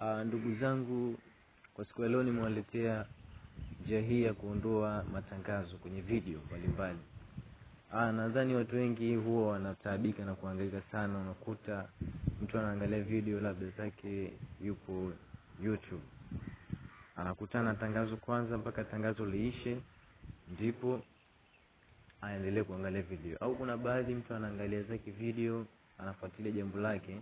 Uh, ndugu zangu, kwa siku ya leo nimewaletea njia hii ya kuondoa matangazo kwenye video mbalimbali. Ah, nadhani watu wengi huwa wanataabika na kuhangaika sana, unakuta mtu anaangalia video labda zake yupo YouTube, anakutana tangazo kwanza mpaka tangazo liishe, ndipo aendelee kuangalia video. Au kuna baadhi mtu anaangalia zake video, anafuatilia jambo lake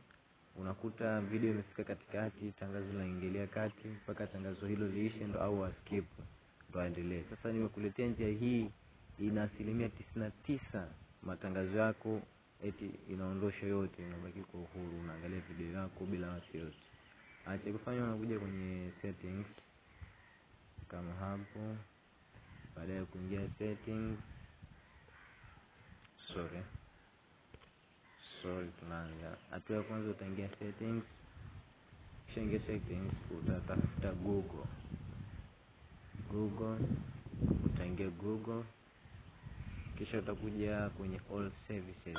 unakuta video imefika katikati, tangazo linaingilia kati mpaka tangazo hilo liishe ndo au askip ndo aendelee. Sasa nimekuletea njia hii, ina asilimia tisini na tisa matangazo yako eti inaondosha yote, unabaki kwa uhuru, unaangalia video yako bila wasiwasi. Acha kufanya, unakuja kwenye settings kama hapo. Baada ya kuingia settings, sorry story plan. Hatua ya kwanza utaingia settings, kisha ingia settings, utatafuta Google. Google utaingia Google, kisha utakuja kwenye all services,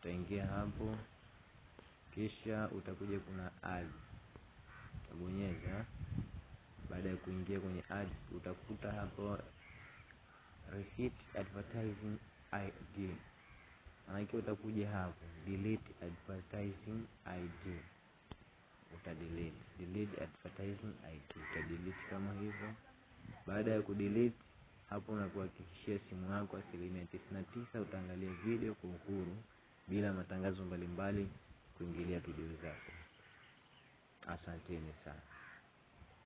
utaingia hapo, kisha utakuja kuna ads, utabonyeza. Baada ya kuingia kwenye ads, utakuta hapo receipt advertising ID manake utakuja hapo delete advertising id uta delete advertising id delete kama hivyo baada ya kudelete hapo unakuhakikishia simu yako asilimia tisini na tisa utaangalia video kwa uhuru bila matangazo mbalimbali kuingilia video zako asanteni sana